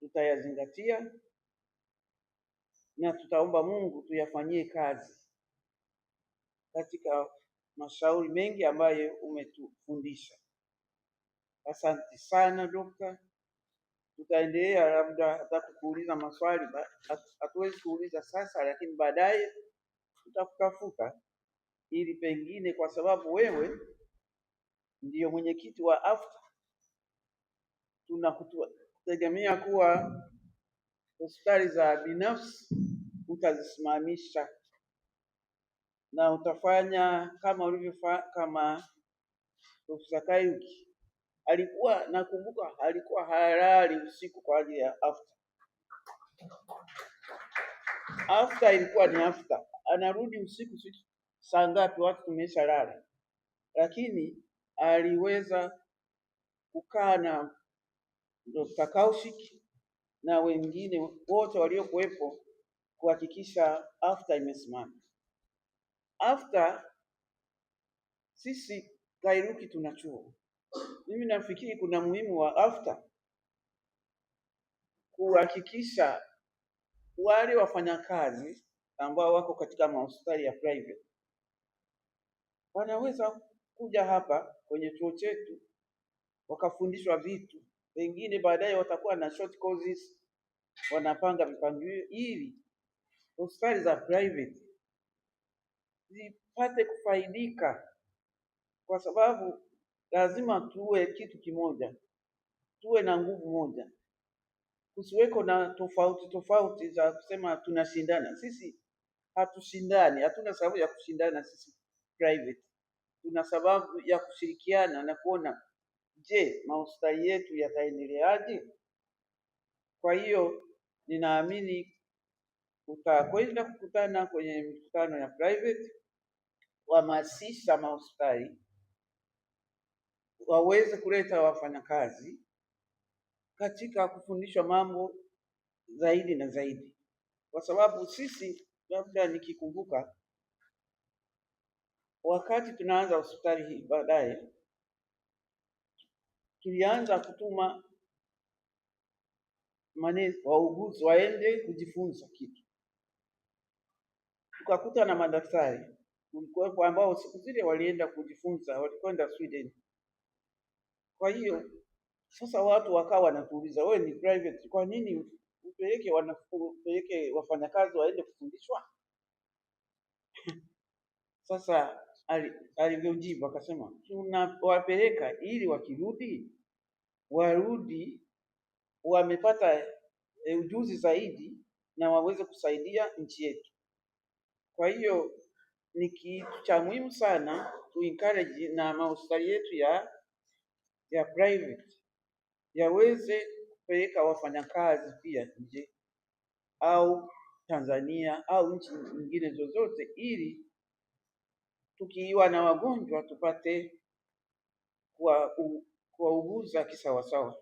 tutayazingatia na tutaomba Mungu tuyafanyie kazi katika mashauri mengi ambayo umetufundisha. Asante sana dokta, tutaendelea labda hata kukuuliza maswali, hatuwezi kuuliza sasa, lakini baadaye tutakutafuta ili pengine, kwa sababu wewe ndiyo mwenyekiti wa afta tunakutua tegemea kuwa hospitali za binafsi utazisimamisha na utafanya kama ulivyofa kama Profesa Kairuki alikuwa, nakumbuka alikuwa halali usiku kwa ajili ya after. After ilikuwa ni after, anarudi usiku saa ngapi? Watu tumesha lala, lakini aliweza kukaa na Dr. Kaushik na wengine wote waliokuwepo kuhakikisha AFTA imesimama. AFTA sisi Kairuki tuna chuo, mimi nafikiri kuna muhimu wa AFTA kuhakikisha wale wafanyakazi ambao wako katika mahospitali ya private wanaweza kuja hapa kwenye chuo chetu wakafundishwa vitu wengine baadaye watakuwa na short courses, wanapanga vipangilio ili hospitali za private zipate kufaidika, kwa sababu lazima tuwe kitu kimoja, tuwe na nguvu moja, kusiweko na tofauti tofauti za kusema tunashindana. Sisi hatushindani, hatuna sababu ya kushindana. Sisi private tuna sababu ya kushirikiana na kuona Je, mahospitali yetu yataendeleaje? Kwa hiyo ninaamini utakwenda kukutana kwenye mikutano ya private, kuhamasisha mahospitali waweze kuleta wafanyakazi katika kufundishwa mambo zaidi na zaidi, kwa sababu sisi, labda nikikumbuka, wakati tunaanza hospitali hii baadaye kilianza kutuma wauguzi waende kujifunza kitu, tukakuta na madaktari kulikuwepo ambao siku zile walienda kujifunza, walikwenda Sweden. Kwa hiyo sasa watu wakawa wanatuuliza, wewe ni private, kwa nini upeleke upeleke wafanyakazi waende kufundishwa? Sasa alivyojibu akasema, tunawapeleka ili wakirudi warudi wamepata e, ujuzi zaidi na waweze kusaidia nchi yetu. Kwa hiyo ni kitu cha muhimu sana tu encourage na mahospitali yetu ya ya private yaweze kupeleka wafanyakazi pia nje au Tanzania au nchi nyingine zozote ili tukiwa na wagonjwa tupate kuwauguza kisawasawa.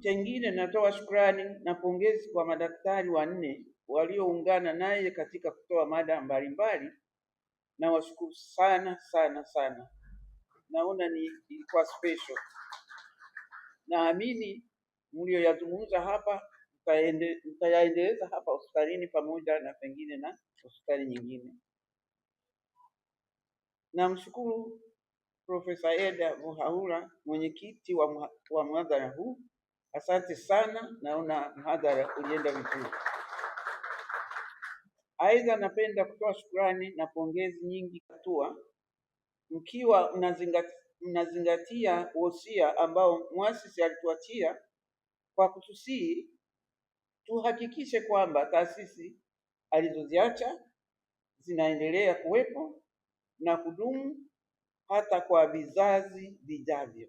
Chengine, natoa shukrani na pongezi kwa madaktari wanne walioungana naye katika kutoa mada mbalimbali. Nawashukuru sana sana sana, naona ni ilikuwa special. Naamini mlioyazungumza hapa mtayaendeleza hapa hospitalini pamoja na pengine na hospitali nyingine. Namshukuru Profesa Eda Muhaula, mwenyekiti wa, wa mhadhara huu. Asante sana, naona mhadhara ulienda vizuri. Aidha, napenda kutoa shukrani na pongezi nyingi hatua mkiwa mnazingatia mnazingatia wosia ambao mwasisi alituachia kwa kutusii tuhakikishe kwamba taasisi alizoziacha zinaendelea kuwepo na kudumu hata kwa vizazi vijavyo.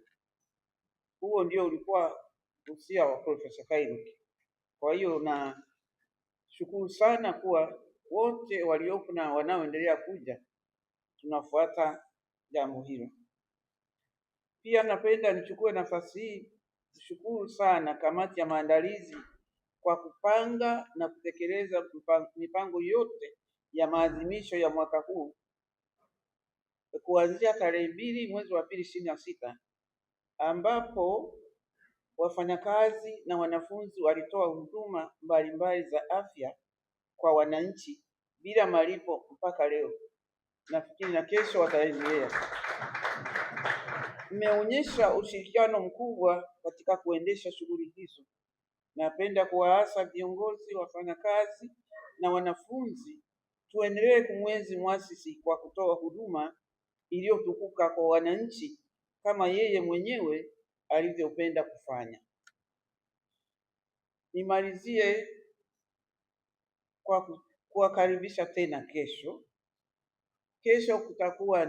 Huo ndio ulikuwa usia wa Profesa Kairuki. Kwa hiyo na shukuru sana kuwa wote waliopo na wanaoendelea kuja tunafuata jambo hilo. Pia napenda nichukue nafasi hii kushukuru sana kamati ya maandalizi kwa kupanga na kutekeleza mipango yote ya maadhimisho ya mwaka huu kuanzia tarehe mbili mwezi wa pili ishirini na sita ambapo wafanyakazi na wanafunzi walitoa huduma mbalimbali za afya kwa wananchi bila malipo mpaka leo. Nafikiri na kesho wataendelea. Mmeonyesha ushirikiano mkubwa katika kuendesha shughuli hizo. Napenda kuwaasa viongozi, wafanyakazi na wanafunzi, tuendelee kumwenzi mwasisi kwa kutoa huduma iliyotukuka kwa wananchi kama yeye mwenyewe alivyopenda kufanya. Nimalizie kwa kuwakaribisha tena kesho. Kesho kutakuwa